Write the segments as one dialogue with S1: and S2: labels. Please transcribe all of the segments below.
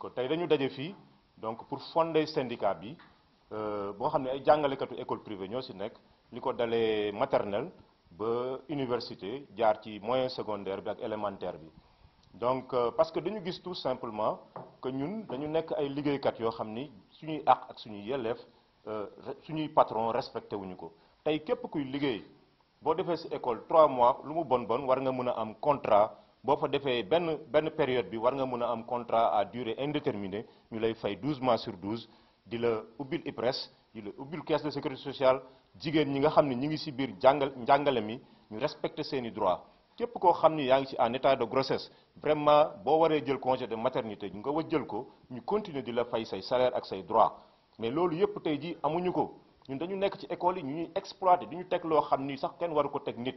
S1: donc tay dañu dajé fi donc pour fonder syndicat bi euh bo xamné ay katou école privée ñoo ci nek liko dalé maternelle ba université jaar ci moyen secondaire bi ak élémentaire bi donc euh, parce que dañu gis tout simplement que ñun dañu nek ay liggéeykat kat yo ni suñuy ak ak suñuy yelef euh suñuy patron respecté wuñu ko tay képp kuy liggéey bo défé si école 3 mois lu mu bon bon war nga mëna am contrat Bofa fa defee benn période bi war nga mëna am contrat à durée indéterminée ñu lay fay 12 mois sur 12 di la ubbil IPRES di la ubbil caisse de sécurité sociale jigen ñi nga xamni ñi ngi ci biir jàngal njàngale mi ñu respecter seeni droits képp koo xam ngi ci en état de grossesse vraiment bo waré jël congé de maternité nga wa jël ko ñu continuer di la fay say salaire ak say droit mais lolu yépp tay ji amuñu ko ñun dañu nekk ci école yi ñuy exploiter duñu tek lo xamni sax kenn waru ko tek nit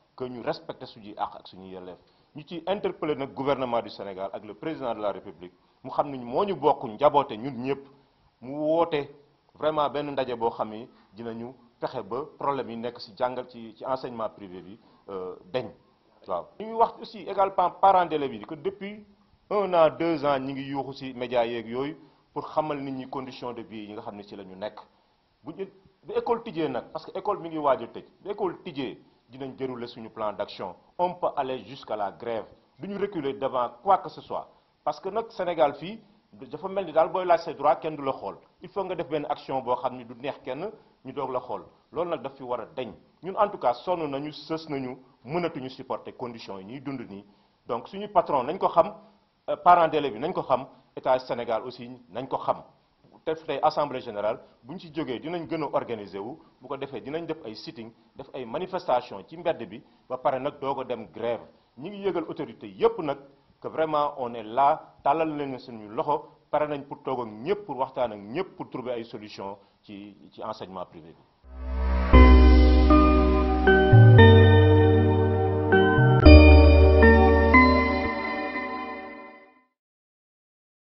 S1: que ñu respecté suñuy àq ak suñuy yelleef ñu ciy interpellé nag gouvernement du Sénégal ak le président de la République mu xam ne moo ñu bokk njaboote ñun ñëpp mu woote vraiment ben ndaje bo xam dinañu fexe ba problème yi nekk ci jangal ci ci enseignement privé bi euh deñ waaw ñuy wax aussi également parents d'élèves yi que depuis un an 2 ans ñi ngi yuxu ci médias ak yoy pour xamal nit ñi conditions de vie yi nga xam ci lañu ñu nekk bu école tidjé nak parce que école mi ngi waaj a école tidjé dinañ dérouler suñu plan d'action on peut aller jusqu'à la grève duñu reculer devant quoi que ce soit parce que nak Sénégal fi dafa melni dal boy booy laaj droit kenn dula xol il faut nga def ben action bo xamni du neex kenn ñu dog la xol lool nak daf fi wara deñ ñun en tout cas sonu nañu seuss nañu mënatuñu supporter conditions yi dund ni donc suñu patron nañ ko xam euh, parents d'élèves nañ ko xam état Sénégal aussi nañ ko xam def tey assemblée générale bu ñu ci jógee dinañ gëna organiser wu bu ko défé dinañ def ay sitting def ay manifestation ci mbedd bi ba paré nak doog dem grève ñi ngi yëgal autorité yépp nak que vraiment on est là talal leen suñu loxo paré nañ pour toog ak ñëpp pour waxtaan ak ñëpp pour trouver ay solution ci ci enseignement privé